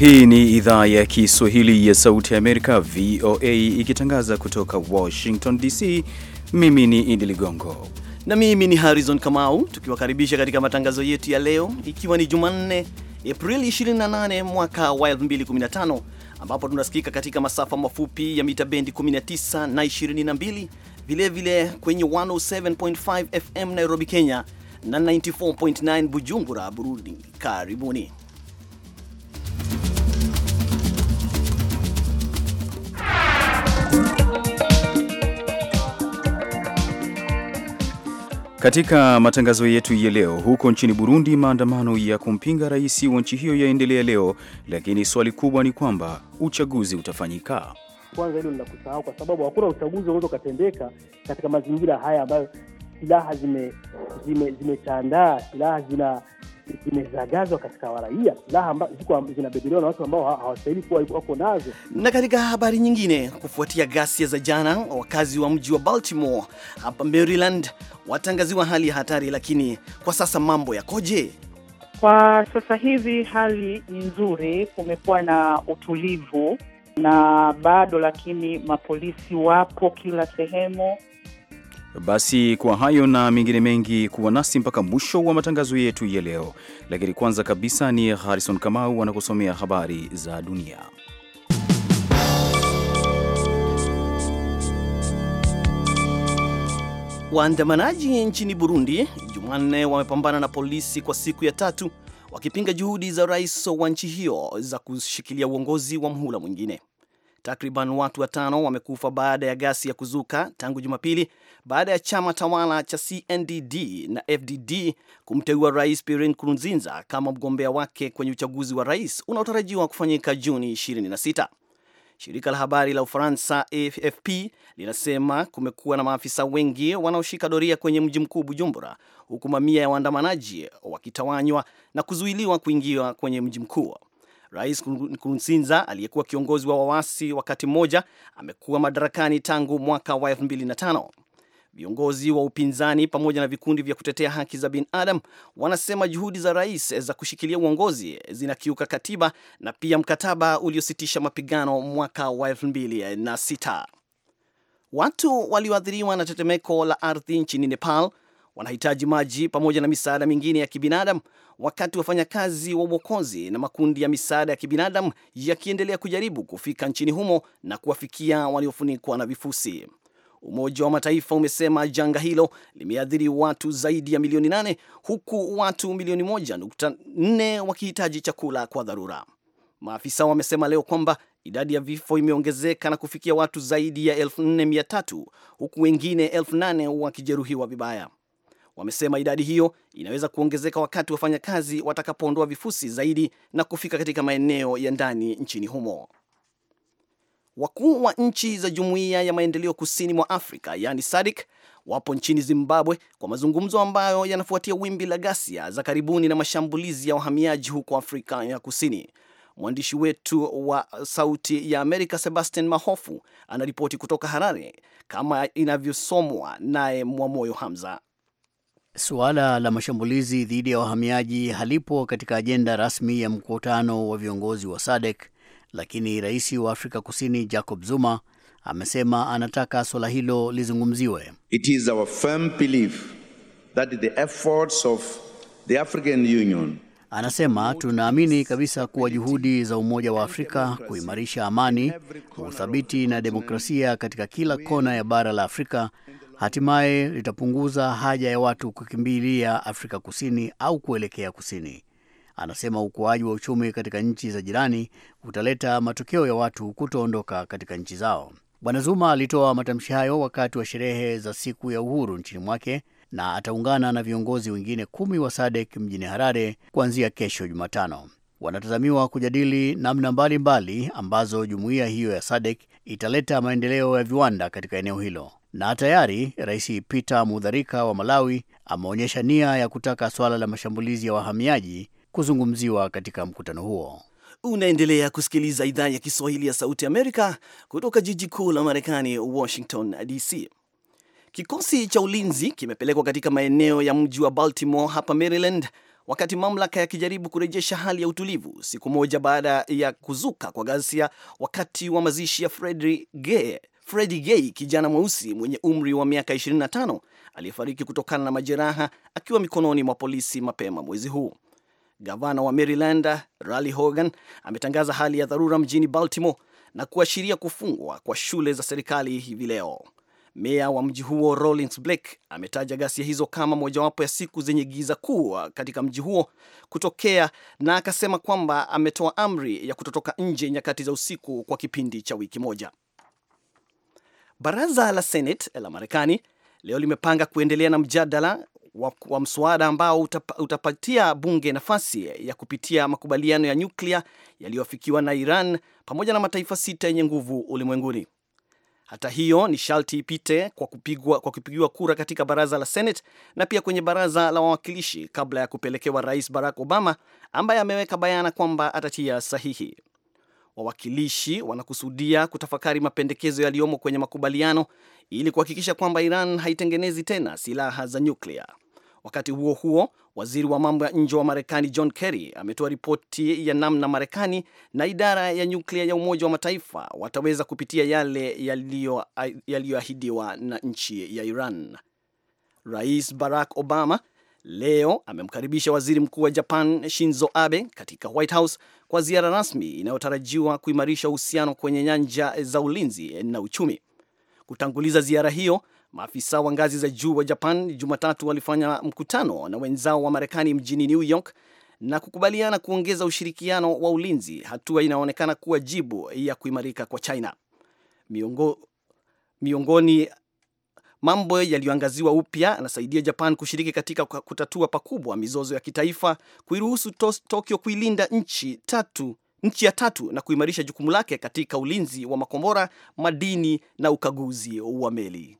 Hii ni idhaa ya Kiswahili ya Sauti ya Amerika, VOA, ikitangaza kutoka Washington DC. Mimi ni Idi Ligongo na mimi ni Harrison Kamau, tukiwakaribisha katika matangazo yetu ya leo, ikiwa ni Jumanne Aprili 28 mwaka wa 2015 ambapo tunasikika katika masafa mafupi ya mita bendi 19 na 22, vilevile kwenye 107.5 FM Nairobi, Kenya na 94.9 Bujumbura, Burundi. Karibuni. Katika matangazo yetu ya leo, huko nchini Burundi, maandamano ya kumpinga rais wa nchi hiyo yaendelea leo, lakini swali kubwa ni kwamba uchaguzi utafanyika. Kwanza hilo linakusahau, kwa sababu hakuna uchaguzi unaweza ukatendeka katika mazingira haya ambayo silaha zimetandaa, zime, zime silaha zina zimezagazwa katika waraia, silaha zinabebelewa na watu ambao hawastahili kuwa wako nazo. Na katika habari nyingine, kufuatia ghasia za jana, wakazi wa mji wa Baltimore hapa Maryland watangaziwa hali ya hatari. Lakini kwa sasa mambo yakoje? Kwa sasa hivi hali ni nzuri, kumekuwa na utulivu na bado lakini mapolisi wapo kila sehemu basi kwa hayo na mengine mengi, kuwa nasi mpaka mwisho wa matangazo yetu ya leo, lakini kwanza kabisa ni Harrison Kamau anakusomea habari za dunia. Waandamanaji nchini Burundi Jumanne wamepambana na polisi kwa siku ya tatu wakipinga juhudi za rais wa nchi hiyo za kushikilia uongozi wa mhula mwingine. Takriban watu watano wamekufa baada ya gasi ya kuzuka tangu Jumapili baada ya chama tawala cha CNDD na FDD kumteua Rais Pierre Nkurunziza kama mgombea wake kwenye uchaguzi wa rais unaotarajiwa kufanyika Juni 26. Shirika la habari la Ufaransa AFP linasema kumekuwa na maafisa wengi wanaoshika doria kwenye mji mkuu Bujumbura, huku mamia ya waandamanaji wakitawanywa na kuzuiliwa kuingia kwenye mji mkuu. Rais Nkurunziza aliyekuwa kiongozi wa wawasi wakati mmoja amekuwa madarakani tangu mwaka wa 2005. Viongozi wa upinzani pamoja na vikundi vya kutetea haki za binadamu wanasema juhudi za rais za kushikilia uongozi zinakiuka katiba na pia mkataba uliositisha mapigano mwaka wa 2006. Watu walioathiriwa na tetemeko la ardhi nchini Nepal wanahitaji maji pamoja na misaada mingine ya kibinadamu, wakati wafanyakazi wa uokozi na makundi ya misaada ya kibinadamu yakiendelea kujaribu kufika nchini humo na kuwafikia waliofunikwa na vifusi. Umoja wa Mataifa umesema janga hilo limeathiri watu zaidi ya milioni nane huku watu milioni moja nukta nne wakihitaji chakula kwa dharura. Maafisa wamesema leo kwamba idadi ya vifo imeongezeka na kufikia watu zaidi ya elfu nne mia tatu huku wengine elfu nane wakijeruhiwa vibaya. Wamesema idadi hiyo inaweza kuongezeka wakati wafanyakazi watakapoondoa vifusi zaidi na kufika katika maeneo ya ndani nchini humo. Wakuu wa nchi za Jumuiya ya Maendeleo Kusini mwa Afrika yani SADC wapo nchini Zimbabwe kwa mazungumzo ambayo yanafuatia wimbi la ghasia za karibuni na mashambulizi ya wahamiaji huko Afrika ya Kusini. Mwandishi wetu wa Sauti ya Amerika Sebastian Mahofu anaripoti kutoka Harare, kama inavyosomwa naye Mwamoyo Hamza. Suala la mashambulizi dhidi ya wahamiaji halipo katika ajenda rasmi ya mkutano wa viongozi wa SADC, lakini rais wa Afrika Kusini Jacob Zuma amesema anataka suala hilo lizungumziwe. It is our firm belief that the efforts of the African Union Anasema tunaamini kabisa kuwa juhudi za Umoja wa Afrika kuimarisha amani, uthabiti na demokrasia katika kila kona ya bara la Afrika hatimaye litapunguza haja ya watu kukimbilia Afrika Kusini au kuelekea kusini. Anasema ukuaji wa uchumi katika nchi za jirani utaleta matokeo ya watu kutoondoka katika nchi zao. Bwana Zuma alitoa matamshi hayo wakati wa sherehe za siku ya uhuru nchini mwake na ataungana na viongozi wengine kumi wa SADC mjini Harare kuanzia kesho Jumatano. Wanatazamiwa kujadili namna mbalimbali mbali ambazo jumuiya hiyo ya SADC italeta maendeleo ya viwanda katika eneo hilo. Na tayari Rais Peter Mutharika wa Malawi ameonyesha nia ya kutaka swala la mashambulizi ya wahamiaji kuzungumziwa katika mkutano huo. Unaendelea kusikiliza idhaa ya Kiswahili ya Sauti Amerika kutoka jiji kuu la Marekani, Washington DC. Kikosi cha ulinzi kimepelekwa katika maeneo ya mji wa Baltimore hapa Maryland, wakati mamlaka yakijaribu kurejesha hali ya utulivu siku moja baada ya kuzuka kwa ghasia wakati wa mazishi ya Frederick Gay Freddie Gay, kijana mweusi mwenye umri wa miaka 25 aliyefariki kutokana na majeraha akiwa mikononi mwa polisi mapema mwezi huu. Gavana wa Maryland Larry Hogan ametangaza hali ya dharura mjini Baltimore na kuashiria kufungwa kwa shule za serikali hivi leo. Meya wa mji huo Rollins Blake ametaja ghasia hizo kama mojawapo ya siku zenye giza kuu katika mji huo kutokea, na akasema kwamba ametoa amri ya kutotoka nje nyakati za usiku kwa kipindi cha wiki moja. Baraza la Senate eh, la Marekani leo limepanga kuendelea na mjadala wa, wa mswada ambao utapa, utapatia bunge nafasi eh, ya kupitia makubaliano ya nyuklia yaliyoafikiwa na Iran pamoja na mataifa sita yenye nguvu ulimwenguni. Hata hiyo ni sharti ipite kwa kupigwa, kwa kupigiwa kura katika baraza la Senate na pia kwenye baraza la wawakilishi kabla ya kupelekewa Rais Barack Obama ambaye ameweka bayana kwamba atatia sahihi wawakilishi wanakusudia kutafakari mapendekezo yaliyomo kwenye makubaliano ili kuhakikisha kwamba Iran haitengenezi tena silaha za nyuklia. Wakati huo huo, waziri wa mambo ya nje wa Marekani John Kerry ametoa ripoti ya namna Marekani na idara ya nyuklia ya Umoja wa Mataifa wataweza kupitia yale yaliyoahidiwa na nchi ya Iran. Rais Barack Obama leo amemkaribisha waziri mkuu wa Japan Shinzo Abe katika White House kwa ziara rasmi inayotarajiwa kuimarisha uhusiano kwenye nyanja za ulinzi na uchumi. Kutanguliza ziara hiyo, maafisa wa ngazi za juu wa Japan Jumatatu walifanya mkutano na wenzao wa Marekani mjini New York na kukubaliana kuongeza ushirikiano wa ulinzi, hatua inaonekana kuwa jibu ya kuimarika kwa China miongo, miongoni mambo yaliyoangaziwa upya anasaidia Japan kushiriki katika kutatua pakubwa mizozo ya kitaifa, kuiruhusu Tokyo kuilinda nchi tatu nchi ya tatu na kuimarisha jukumu lake katika ulinzi wa makombora, madini na ukaguzi wa meli.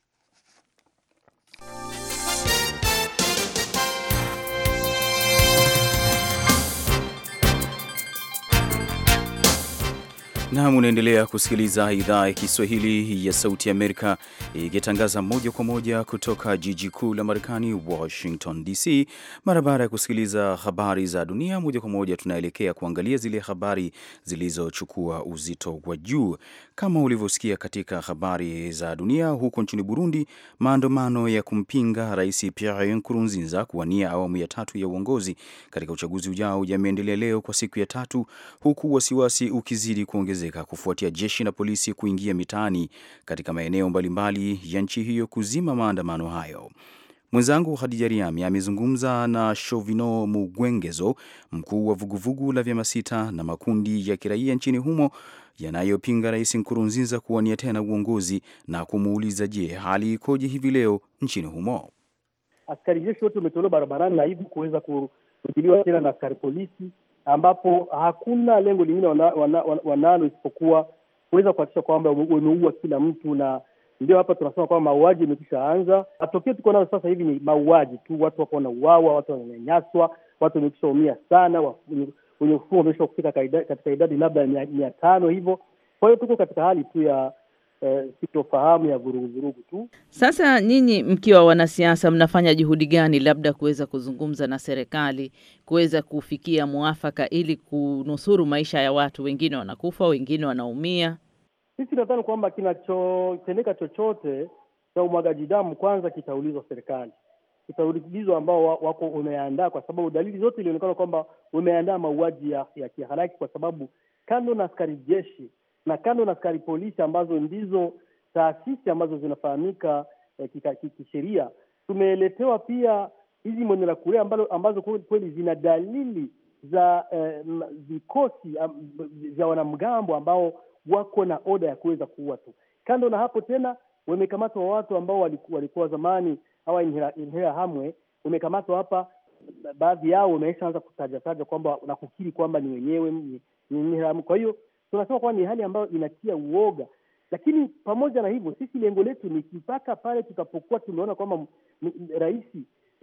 Nam, unaendelea kusikiliza idhaa ya Kiswahili ya Sauti Amerika ikitangaza moja kwa moja kutoka jiji kuu la Marekani, Washington DC. Mara baada ya kusikiliza habari za dunia moja kwa moja, tunaelekea kuangalia zile habari zilizochukua uzito wa juu kama ulivyosikia katika habari za dunia, huko nchini Burundi, maandamano ya kumpinga Rais Pierre Nkurunziza kuwania awamu ya tatu ya uongozi katika uchaguzi ujao yameendelea leo kwa siku ya tatu, huku wasiwasi ukizidi kuongezeka kufuatia jeshi na polisi kuingia mitaani katika maeneo mbalimbali ya nchi hiyo kuzima maandamano hayo. Mwenzangu Hadija Riami amezungumza na Shovino Mugwengezo, mkuu wa vuguvugu la vyama sita na makundi ya kiraia nchini humo, yanayopinga Rais Nkurunziza kuwania tena uongozi na kumuuliza je, hali ikoje hivi leo nchini humo? Askari jeshi wote umetolewa barabarani na hivi kuweza kutiliwa tena na askari polisi, ambapo hakuna lengo lingine wanalo wana, wana, wana isipokuwa kuweza kuhakikisha kwamba wameua kila mtu, na ndio hapa tunasema kwamba mauaji imekwisha anza. Matokeo tuko nayo sasa hivi ni mauaji tu, watu wako wanauawa, watu wananyanyaswa, watu wamekwisha umia sana, wenye ufuo wameweza kufika katika idadi labda ya mia tano hivyo. Kwa hiyo tuko katika hali tu ya eh, sitofahamu ya vuruguvurugu tu. Sasa nyinyi mkiwa wanasiasa, mnafanya juhudi gani labda kuweza kuzungumza na serikali kuweza kufikia mwafaka ili kunusuru maisha ya watu? Wengine wanakufa, wengine wanaumia. Sisi nadhani kwamba kinachotendeka chochote cha umwagaji damu kwanza kitaulizwa serikali utarudibizwa ambao wako umeandaa, kwa sababu dalili zote ilionekana kwamba umeandaa mauaji ya, ya kiharaki, kwa sababu kando na askari jeshi na kando na askari polisi ambazo ndizo taasisi ambazo zinafahamika eh, kisheria, tumeletewa pia hizi Mwenera Kure ambazo kweli zina dalili za eh, vikosi um, vya wanamgambo ambao wako na oda ya kuweza kuua tu. Kando na hapo tena wamekamatwa watu ambao walikuwa, walikuwa zamani hawa Inhera Hamwe umekamatwa hapa, baadhi yao wameshaanza kutaja taja kwamba na kukiri kwamba ni wenyewe ni Inhera Hamwe. Kwa hiyo tunasema kwamba ni hali ambayo inatia uoga, lakini pamoja na hivyo, sisi lengo letu ni mpaka pale tutapokuwa tumeona kwamba rais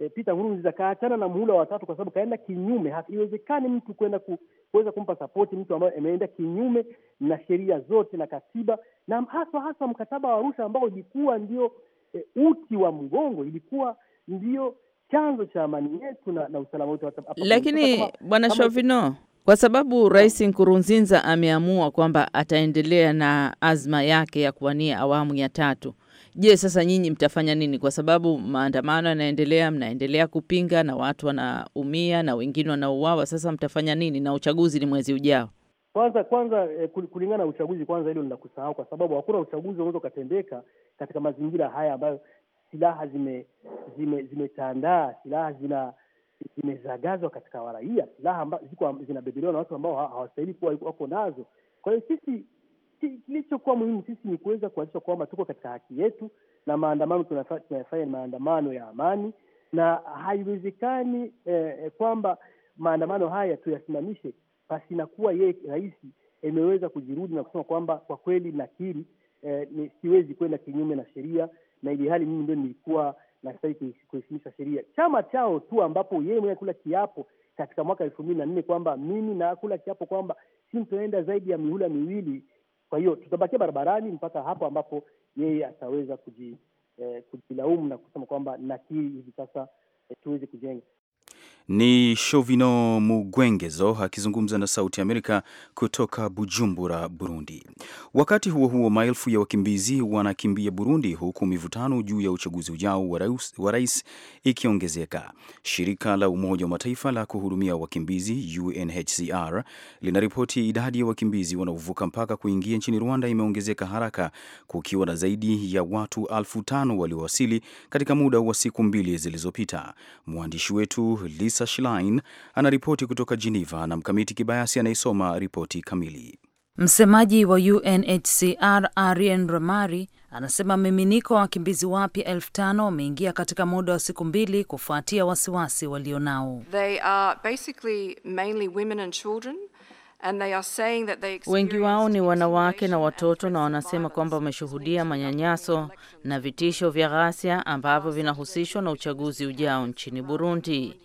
eh, Peter Nkurunziza kaachana na muhula wa tatu, kwa sababu kaenda kinyume. Haiwezekani mtu kwenda ku, kuweza kumpa sapoti mtu ambaye ameenda kinyume na sheria zote na katiba na haswa haswa mkataba wa Arusha ambao ulikuwa ndio e, uti wa mgongo ilikuwa ndio chanzo cha amani yetu na, na usalama wetu. Lakini bwana Shovino, kwa sababu Rais Nkurunziza ameamua kwamba ataendelea na azma yake ya kuwania awamu ya tatu, je, sasa nyinyi mtafanya nini? Kwa sababu maandamano yanaendelea, mnaendelea kupinga na watu wanaumia na wengine wanauawa. Sasa mtafanya nini? Na uchaguzi ni mwezi ujao. Kwanza kwanza, eh, kulingana na uchaguzi kwanza, hilo linakusahau, kwa sababu hakuna uchaguzi unaweza ukatendeka katika mazingira haya ambayo silaha zimetandaa zime, silaha zina zimezagazwa katika waraia, silaha zinabebelewa na watu ambao hawastahili kuwa wako nazo. Kwa hiyo sisi, kilichokuwa muhimu sisi ni kuweza kuhakikisha kwamba tuko katika haki yetu, na maandamano tunayafanya ni maandamano ya amani, na haiwezekani eh, eh kwamba maandamano haya tuyasimamishe pasi na kuwa yeye rais imeweza kujirudi na kusema kwamba kwa kweli nakiri eh, ni siwezi kwenda kinyume na sheria, na ili hali mimi ndio nilikuwa nastahili kuheshimisha sheria. Chama chao tu ambapo yeye mwenyewe kula kiapo katika mwaka elfu mbili na nne kwamba mimi nakula kiapo kwamba si sintoenda zaidi ya mihula miwili, kwa hiyo tutabakia barabarani mpaka hapo ambapo yeye ataweza kujilaumu eh, kujilaumu na kusema kwamba nakiri hivi sasa eh, tuweze kujenga ni Shovino Mugwengezo akizungumza na Sauti Amerika kutoka Bujumbura, Burundi. Wakati huo huo, maelfu ya wakimbizi wanakimbia Burundi, huku mivutano juu ya uchaguzi ujao wa rais ikiongezeka. Shirika la Umoja wa Mataifa la kuhudumia wakimbizi UNHCR linaripoti idadi ya wakimbizi wanaovuka mpaka kuingia nchini Rwanda imeongezeka haraka, kukiwa na zaidi ya watu elfu tano waliowasili katika muda wa siku mbili zilizopita. Mwandishi wetu Lisa Lisa Schlein anaripoti kutoka Geneva na Mkamiti Kibayasi anayesoma ripoti kamili. Msemaji wa UNHCR Arien Ramari anasema miminiko wa wakimbizi wapya elfu tano wameingia katika muda wa siku mbili kufuatia wasiwasi walionao. Wengi wao ni wanawake na watoto, na wanasema kwamba wameshuhudia manyanyaso na vitisho vya ghasia ambavyo vinahusishwa na uchaguzi ujao nchini Burundi.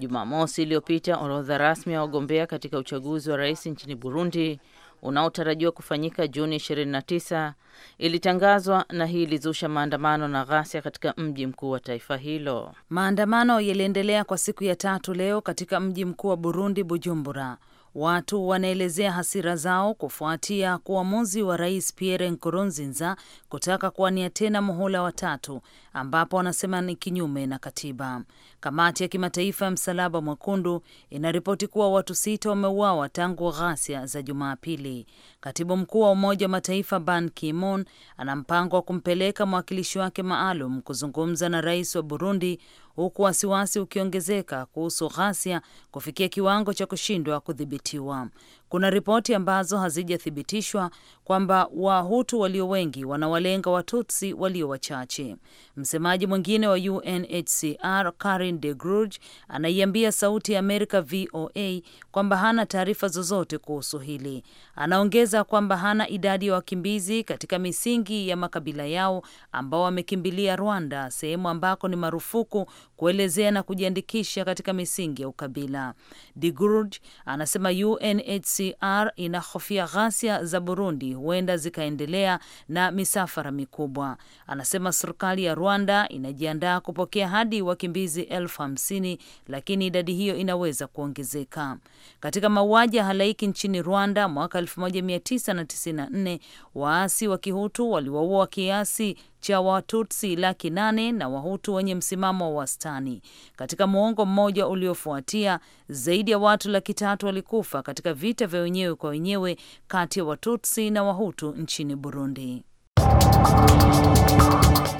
Jumamosi iliyopita, orodha rasmi ya wagombea katika uchaguzi wa rais nchini Burundi unaotarajiwa kufanyika Juni 29 ilitangazwa na hii ilizusha maandamano na ghasia katika mji mkuu wa taifa hilo. Maandamano yaliendelea kwa siku ya tatu leo katika mji mkuu wa Burundi, Bujumbura. Watu wanaelezea hasira zao kufuatia uamuzi wa rais Pierre Nkurunziza kutaka kuwania tena muhula wa tatu, ambapo wanasema ni kinyume na katiba. Kamati ya Kimataifa ya Msalaba Mwekundu inaripoti kuwa watu sita wameuawa tangu ghasia za Jumapili. Katibu mkuu wa Umoja wa Mataifa Ban Ki-moon ana mpango wa kumpeleka mwakilishi wake maalum kuzungumza na rais wa Burundi, huku wasiwasi ukiongezeka kuhusu ghasia kufikia kiwango cha kushindwa kudhibitiwa. Kuna ripoti ambazo hazijathibitishwa kwamba Wahutu walio wengi wanawalenga Watutsi walio wachache. Msemaji mwingine wa UNHCR Karin de Gruge anaiambia Sauti ya Amerika VOA kwamba hana taarifa zozote kuhusu hili. Anaongeza kwamba hana idadi ya wa wakimbizi katika misingi ya makabila yao ambao wamekimbilia Rwanda, sehemu ambako ni marufuku kuelezea na kujiandikisha katika misingi ya ukabila. De Gurd anasema UNHCR inahofia ghasia za Burundi huenda zikaendelea na misafara mikubwa. Anasema serikali ya Rwanda inajiandaa kupokea hadi wakimbizi elfu hamsini lakini idadi hiyo inaweza kuongezeka. Katika mauaji ya halaiki nchini Rwanda mwaka 1994 waasi wa Kihutu waliwaua kiasi cha Watutsi laki nane na Wahutu wenye msimamo wa wastani. Katika muongo mmoja uliofuatia, zaidi ya watu laki tatu walikufa katika vita vya wenyewe kwa wenyewe kati ya Watutsi na Wahutu nchini Burundi.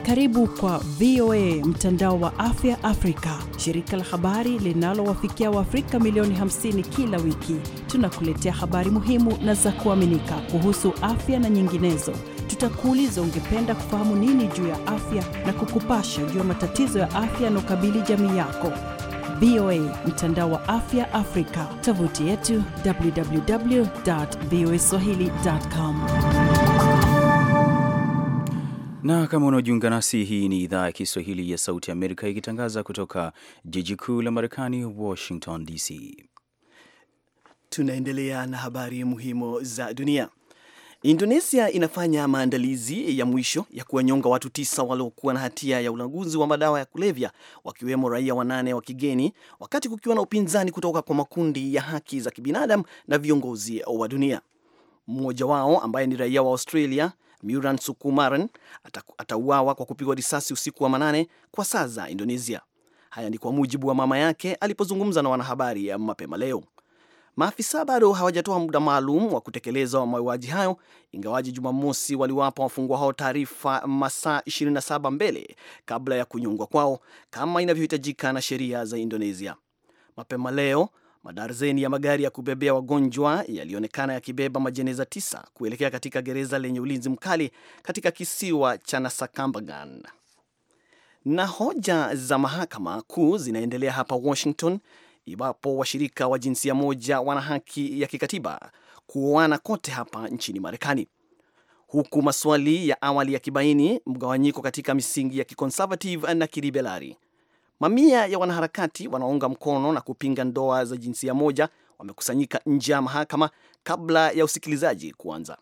Karibu kwa VOA mtandao wa afya Afrika, shirika la habari linalowafikia Waafrika milioni 50 kila wiki. Tunakuletea habari muhimu na za kuaminika kuhusu afya na nyinginezo tutakuuliza ungependa kufahamu nini juu ya afya na kukupasha juu ya matatizo ya afya yanaokabili jamii yako. VOA mtandao wa afya Afrika, tovuti yetu www.voaswahili.com. Na kama unaojiunga nasi, hii ni idhaa ya Kiswahili ya Sauti ya Amerika ikitangaza kutoka jiji kuu la Marekani, Washington DC. Tunaendelea na habari muhimu za dunia. Indonesia inafanya maandalizi ya mwisho ya kuwanyonga watu tisa waliokuwa na hatia ya ulanguzi wa madawa ya kulevya wakiwemo raia wanane wa kigeni, wakati kukiwa na upinzani kutoka kwa makundi ya haki za kibinadamu na viongozi wa dunia. Mmoja wao ambaye ni raia wa Australia muran Sukumaran atauawa kwa kupigwa risasi usiku wa manane kwa saa za Indonesia. Haya ni kwa mujibu wa mama yake alipozungumza na wanahabari ya mapema leo. Maafisa bado hawajatoa muda maalum wa kutekeleza mauaji hayo, ingawaji Jumamosi waliwapa wafungwa hao taarifa masaa 27 mbele kabla ya kunyongwa kwao kama inavyohitajika na sheria za Indonesia. Mapema leo madarzeni ya magari ya kubebea wagonjwa yalionekana yakibeba majeneza tisa kuelekea katika gereza lenye ulinzi mkali katika kisiwa cha Nasakambagan. Na hoja za mahakama kuu zinaendelea hapa Washington iwapo washirika wa jinsia moja wana haki ya kikatiba kuoana kote hapa nchini Marekani, huku maswali ya awali yakibaini mgawanyiko katika misingi ya kiconservative na kiliberali. Mamia ya wanaharakati wanaounga mkono na kupinga ndoa za jinsia moja wamekusanyika nje ya mahakama kabla ya usikilizaji kuanza.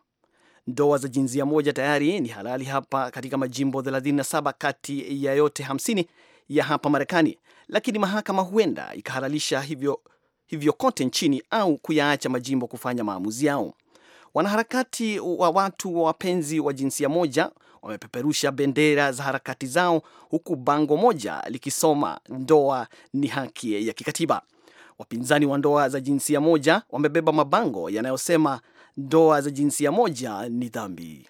Ndoa za jinsia moja tayari ni halali hapa katika majimbo 37 kati ya yote ya hapa Marekani, lakini mahakama huenda ikahalalisha hivyo, hivyo kote nchini au kuyaacha majimbo kufanya maamuzi yao. Wanaharakati wa watu wa wapenzi wa jinsia moja wamepeperusha bendera za harakati zao huku bango moja likisoma ndoa ni haki ya kikatiba. Wapinzani wa ndoa za jinsia moja wamebeba mabango yanayosema ndoa za jinsia moja ni dhambi.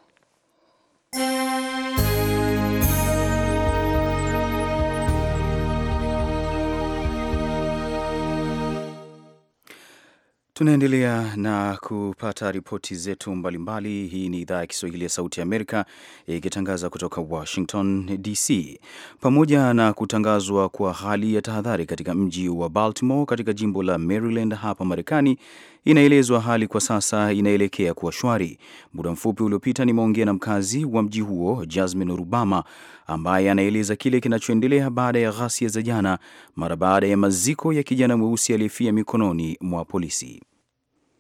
Tunaendelea na kupata ripoti zetu mbalimbali. Hii ni idhaa ya Kiswahili ya Sauti ya Amerika ikitangaza kutoka Washington DC. Pamoja na kutangazwa kwa hali ya tahadhari katika mji wa Baltimore katika jimbo la Maryland hapa Marekani, Inaelezwa hali kwa sasa inaelekea kuwa shwari. Muda mfupi uliopita nimeongea na mkazi wa mji huo Jasmine Rubama, ambaye anaeleza kile kinachoendelea baada ya ghasia za jana, mara baada ya maziko ya kijana mweusi aliyefia mikononi mwa polisi.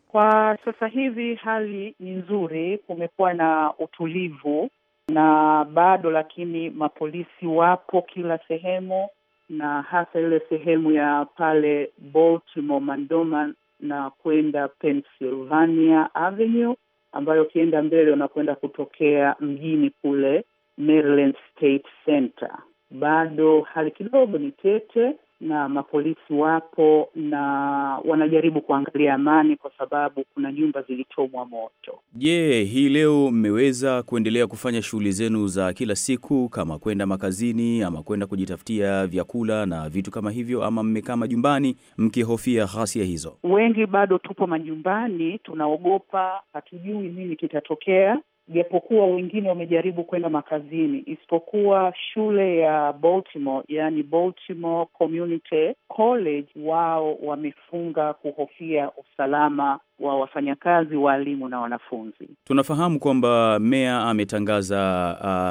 Kwa sasa hivi hali ni nzuri, kumekuwa na utulivu na bado lakini mapolisi wapo kila sehemu, na hasa ile sehemu ya pale Baltimore Mandoman na kwenda Pennsylvania Avenue, ambayo ukienda mbele unakwenda kutokea mjini kule Maryland State Center. Bado hali kidogo ni tete, na mapolisi wapo na wanajaribu kuangalia amani, kwa sababu kuna nyumba zilichomwa moto. Je, yeah, hii leo mmeweza kuendelea kufanya shughuli zenu za kila siku kama kwenda makazini ama kwenda kujitafutia vyakula na vitu kama hivyo, ama mmekaa majumbani mkihofia ghasia hizo? Wengi bado tupo majumbani, tunaogopa, hatujui nini kitatokea japokuwa wengine wamejaribu kwenda makazini, isipokuwa shule ya Baltimore, yani Baltimore Community College, wao wamefunga kuhofia usalama wa wafanyakazi, waalimu na wanafunzi. Tunafahamu kwamba meya ametangaza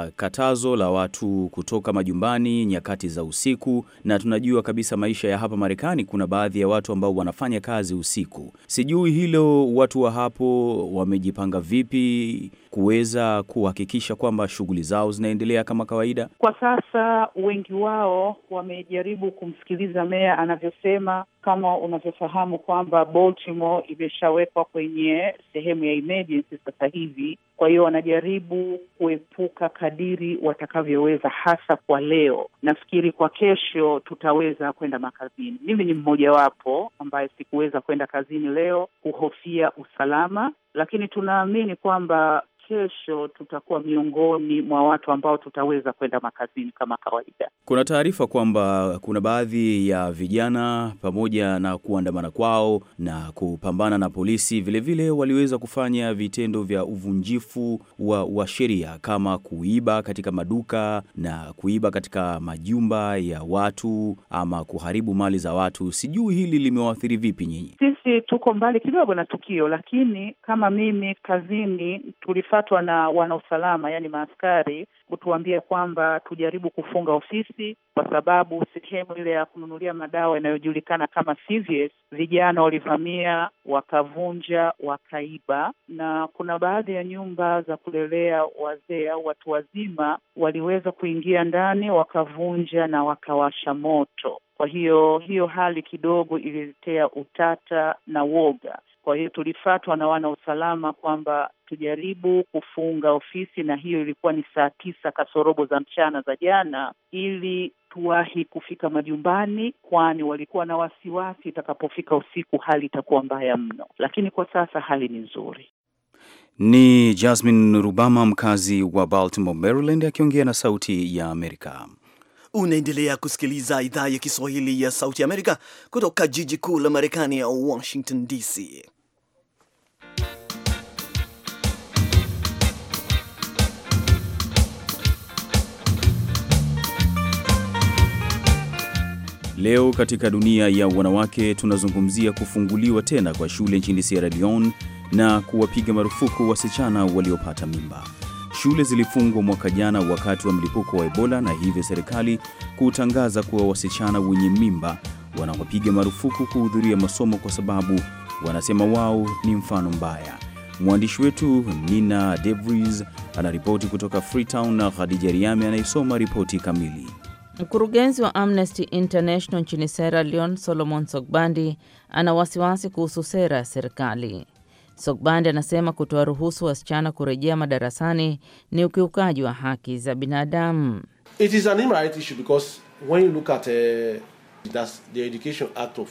uh, katazo la watu kutoka majumbani nyakati za usiku, na tunajua kabisa maisha ya hapa Marekani, kuna baadhi ya watu ambao wanafanya kazi usiku. Sijui hilo watu wa hapo wamejipanga vipi kuweza kuhakikisha kwamba shughuli zao zinaendelea kama kawaida. Kwa sasa wengi wao wamejaribu kumsikiliza meya anavyosema, kama unavyofahamu kwamba Baltimore imesha wanawekwa kwenye sehemu ya emergency sasa hivi. Kwa hiyo wanajaribu kuepuka kadiri watakavyoweza, hasa kwa leo. Nafikiri kwa kesho tutaweza kwenda makazini. Mimi ni mmojawapo ambaye sikuweza kwenda kazini leo kuhofia usalama, lakini tunaamini kwamba kesho tutakuwa miongoni mwa watu ambao tutaweza kwenda makazini kama kawaida. Kuna taarifa kwamba kuna baadhi ya vijana pamoja na kuandamana kwao na kupambana na polisi vilevile vile waliweza kufanya vitendo vya uvunjifu wa, wa sheria kama kuiba katika maduka na kuiba katika majumba ya watu ama kuharibu mali za watu. Sijui hili limewaathiri vipi nyinyi? sisi tuko mbali kidogo na tukio, lakini kama mimi kazini tulifatwa na wanausalama, yani maaskari, kutuambia kwamba tujaribu kufunga ofisi kwa sababu sehemu ile ya kununulia madawa inayojulikana kama CVS, vijana walivamia wakavunja, wakaiba, na kuna baadhi ya nyumba za kulelea wazee au watu wazima waliweza kuingia ndani wakavunja na wakawasha moto. Kwa hiyo hiyo hali kidogo ililetea utata na woga. Kwa hiyo tulifatwa na wana usalama kwamba tujaribu kufunga ofisi, na hiyo ilikuwa ni saa tisa kasorobo za mchana za jana, ili tuwahi kufika majumbani, kwani walikuwa na wasiwasi itakapofika usiku hali itakuwa mbaya mno, lakini kwa sasa hali ni nzuri. Ni Jasmine Rubama, mkazi wa Baltimore, Maryland, akiongea na Sauti ya Amerika. Unaendelea kusikiliza idhaa ya Kiswahili ya Sauti Amerika kutoka jiji kuu la Marekani ya Washington DC. Leo katika dunia ya wanawake tunazungumzia kufunguliwa tena kwa shule nchini Sierra Leone na kuwapiga marufuku wasichana waliopata mimba. Shule zilifungwa mwaka jana wakati wa mlipuko wa Ebola na hivyo serikali kutangaza kuwa wasichana wenye mimba wanawapiga marufuku kuhudhuria masomo kwa sababu wanasema wao ni mfano mbaya. Mwandishi wetu Nina Devries anaripoti kutoka Freetown na Khadija Riami anayesoma ripoti kamili. Mkurugenzi wa Amnesty International nchini Sierra Leone, Solomon Sogbandi, ana wasiwasi kuhusu sera ya serikali. Sogbandi anasema kutoa ruhusu wasichana kurejea madarasani ni ukiukaji wa haki za binadamu. It is an issue because when you look at uh, the education act of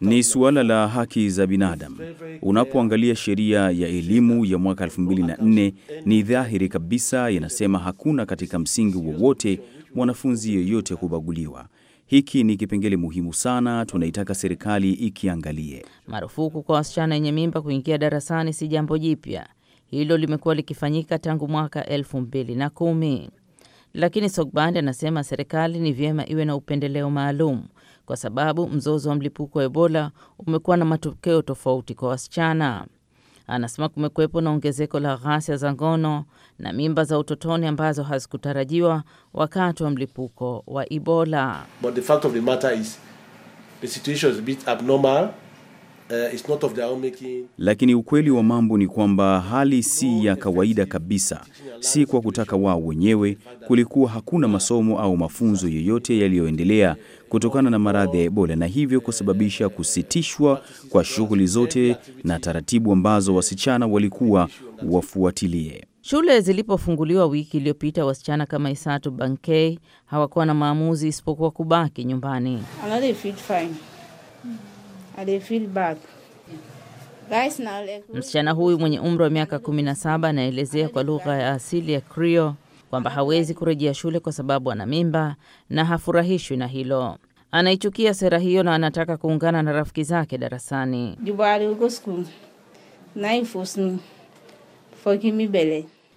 ni suala la haki za binadamu. Unapoangalia sheria ya elimu ya mwaka 2004 ni dhahiri kabisa, yanasema hakuna katika msingi wowote mwanafunzi yeyote kubaguliwa. Hiki ni kipengele muhimu sana, tunaitaka serikali ikiangalie. Marufuku kwa wasichana wenye mimba kuingia darasani si jambo jipya, hilo limekuwa likifanyika tangu mwaka elfu mbili na kumi, lakini Sogbandi anasema serikali ni vyema iwe na upendeleo maalum kwa sababu mzozo wa mlipuko wa Ebola umekuwa na matokeo tofauti kwa wasichana anasema kumekuwepo na ongezeko la ghasia za ngono na mimba za utotoni ambazo hazikutarajiwa wakati wa mlipuko wa Ebola. But the fact of the matter is the situation is a bit abnormal. Uh, it's not of their own making. Lakini ukweli wa mambo ni kwamba hali si ya kawaida kabisa, si kwa kutaka wao wenyewe. Kulikuwa hakuna masomo au mafunzo yoyote yaliyoendelea kutokana na maradhi ya Ebola na hivyo kusababisha kusitishwa kwa shughuli zote na taratibu ambazo wasichana walikuwa wafuatilie. Shule zilipofunguliwa wiki iliyopita, wasichana kama Isatu Bankei hawakuwa na maamuzi isipokuwa kubaki nyumbani. Msichana huyu mwenye umri wa miaka 17 anaelezea kwa lugha ya asili ya Krio kwamba hawezi kurejea shule kwa sababu ana mimba na hafurahishwi na hilo. Anaichukia sera hiyo na anataka kuungana na rafiki zake darasani.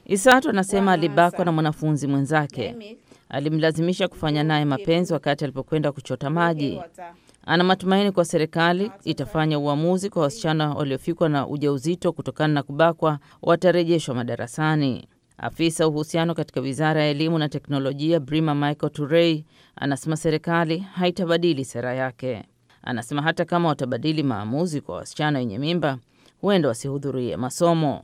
Isato anasema alibakwa na mwanafunzi mwenzake, alimlazimisha kufanya naye mapenzi wakati alipokwenda kuchota maji. Ana matumaini kwa serikali itafanya uamuzi kwa wasichana waliofikwa na ujauzito kutokana na kubakwa watarejeshwa madarasani. Afisa uhusiano katika wizara ya elimu na teknolojia Brima Michael Turei anasema serikali haitabadili sera yake. Anasema hata kama watabadili maamuzi kwa wasichana wenye mimba, huenda wasihudhurie masomo.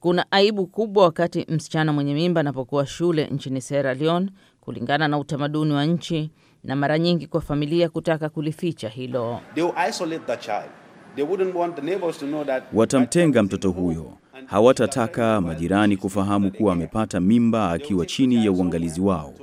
Kuna aibu kubwa wakati msichana mwenye mimba anapokuwa shule nchini Sierra Leone, kulingana na utamaduni wa nchi na mara nyingi kwa familia kutaka kulificha hilo. Watamtenga mtoto huyo, hawatataka majirani kufahamu kuwa amepata mimba akiwa chini ya uangalizi wao.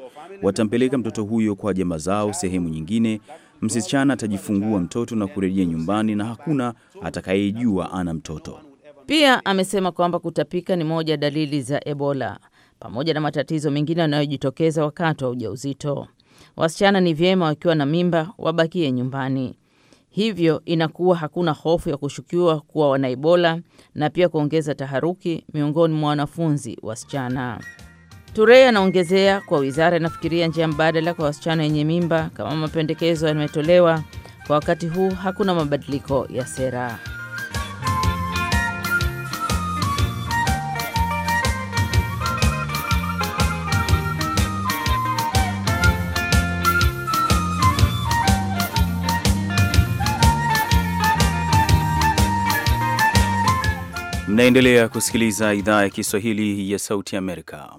Watampeleka mtoto huyo kwa jamaa zao sehemu nyingine. Msichana atajifungua mtoto na kurejea nyumbani na hakuna atakayejua ana mtoto. Pia amesema kwamba kutapika ni moja ya dalili za Ebola pamoja na matatizo mengine yanayojitokeza wakati wa ujauzito. Wasichana ni vyema wakiwa na mimba wabakie nyumbani. Hivyo inakuwa hakuna hofu ya kushukiwa kuwa wana Ebola na pia kuongeza taharuki miongoni mwa wanafunzi wasichana. Turei anaongezea kwa wizara inafikiria njia mbadala kwa wasichana wenye mimba kama mapendekezo yametolewa. Kwa wakati huu hakuna mabadiliko ya sera. Mnaendelea kusikiliza idhaa ya Kiswahili ya Sauti Amerika.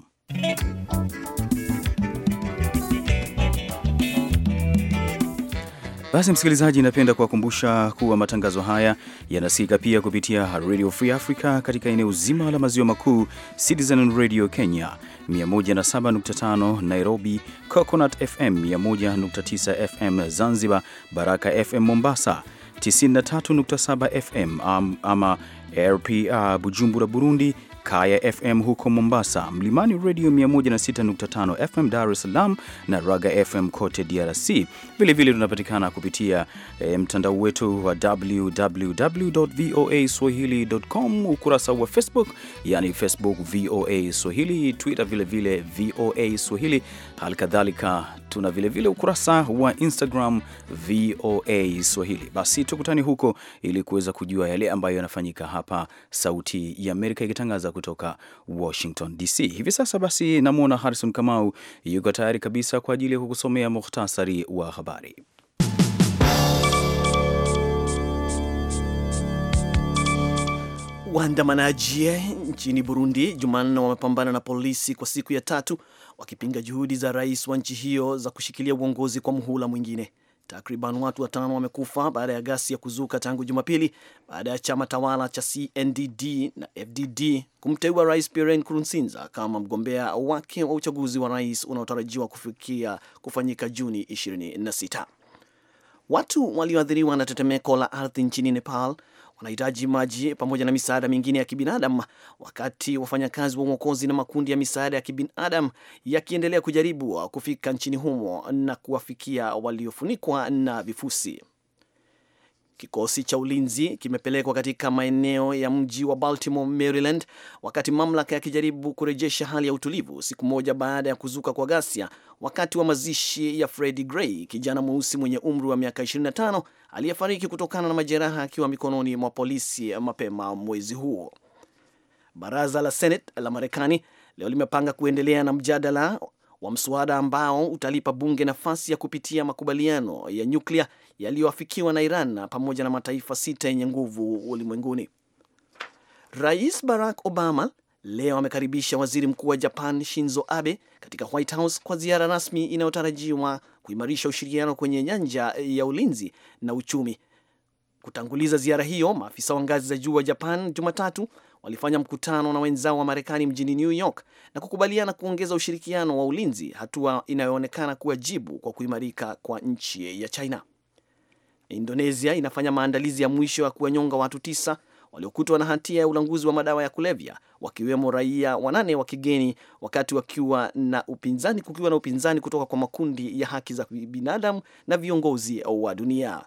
Basi msikilizaji, napenda kuwakumbusha kuwa matangazo haya yanasikika pia kupitia Radio Free Africa katika eneo zima la maziwa makuu, Citizen Radio Kenya 107.5 Nairobi, Coconut FM 101.9 FM Zanzibar, Baraka FM Mombasa 93.7 FM um, ama RPA uh, Bujumbura Burundi Kaya FM huko Mombasa, Mlimani Radio 106.5 FM Dar es Salaam na Raga FM kote DRC. Vilevile tunapatikana kupitia e, mtandao wetu wa www.voaswahili.com, ukurasa wa Facebook yani Facebook VOA Swahili, Twitter vilevile vile VOA Swahili, halikadhalika tuna vilevile vile ukurasa wa Instagram VOA Swahili. Basi tukutane huko ili kuweza kujua yale ambayo yanafanyika hapa Sauti ya Amerika ikitangaza kutoka Washington DC. Hivi sasa basi, namwona Harrison Kamau yuko tayari kabisa kwa ajili ya kukusomea muhtasari wa habari. Waandamanaji nchini Burundi Jumanne wamepambana na polisi kwa siku ya tatu wakipinga juhudi za rais wa nchi hiyo za kushikilia uongozi kwa muhula mwingine. Takriban watu watano wamekufa baada ya gasi ya kuzuka tangu Jumapili baada ya chama tawala cha CNDD na FDD kumteua Rais Pierre Nkurunziza kama mgombea wake wa uchaguzi wa rais unaotarajiwa kufikia kufanyika Juni 26. Watu walioathiriwa na tetemeko la ardhi nchini Nepal wanahitaji maji pamoja na misaada mingine ya kibinadamu, wakati wafanyakazi wa uokozi na makundi ya misaada ya kibinadamu yakiendelea kujaribu kufika nchini humo na kuwafikia waliofunikwa na vifusi. Kikosi cha ulinzi kimepelekwa katika maeneo ya mji wa Baltimore, Maryland, wakati mamlaka yakijaribu kurejesha hali ya utulivu siku moja baada ya kuzuka kwa ghasia wakati wa mazishi ya Freddie Gray, kijana mweusi mwenye umri wa miaka 25 aliyefariki kutokana na majeraha akiwa mikononi mwa polisi mapema mwezi huo. Baraza la Senate la Marekani leo limepanga kuendelea na mjadala wa mswada ambao utalipa bunge nafasi ya kupitia makubaliano ya nyuklia yaliyoafikiwa na Iran pamoja na mataifa sita yenye nguvu ulimwenguni. Rais Barack Obama leo amekaribisha waziri mkuu wa Japan Shinzo Abe katika White House kwa ziara rasmi inayotarajiwa kuimarisha ushirikiano kwenye nyanja ya ulinzi na uchumi. Kutanguliza ziara hiyo, maafisa wa ngazi za juu wa Japan Jumatatu walifanya mkutano na wenzao wa Marekani mjini New York na kukubaliana kuongeza ushirikiano wa ulinzi, hatua inayoonekana kuwa jibu kwa kuimarika kwa nchi ya China. Indonesia inafanya maandalizi ya mwisho ya kuwanyonga watu tisa waliokutwa na hatia ya ulanguzi wa madawa ya kulevya wakiwemo raia wanane wa kigeni, wakati wakiwa na upinzani, kukiwa na upinzani kutoka kwa makundi ya haki za binadamu na viongozi wa dunia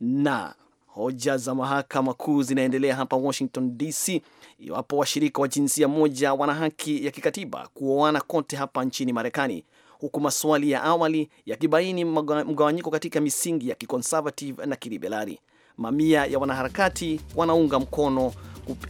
na Hoja za mahakama kuu zinaendelea hapa Washington DC iwapo washirika wa jinsia moja wana haki ya kikatiba kuoana kote hapa nchini Marekani, huku maswali ya awali yakibaini mgawanyiko katika misingi ya kiconservative na kiliberali. Mamia ya wanaharakati wanaunga mkono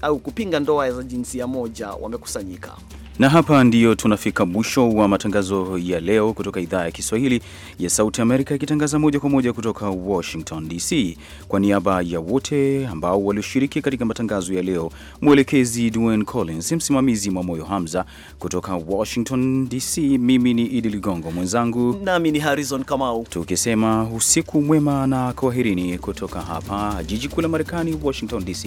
au kupinga ndoa za jinsia moja wamekusanyika. Na hapa ndiyo tunafika mwisho wa matangazo ya leo kutoka idhaa ya Kiswahili ya Sauti Amerika, ikitangaza moja kwa moja kutoka Washington DC. Kwa niaba ya wote ambao walioshiriki katika matangazo ya leo, mwelekezi Dwayne Collins, msimamizi mwa moyo Hamza kutoka Washington DC, mimi ni Idi Ligongo mwenzangu, nami ni Harrison Kamau, tukisema usiku mwema na kwaherini kutoka hapa jiji kuu la Marekani, Washington DC.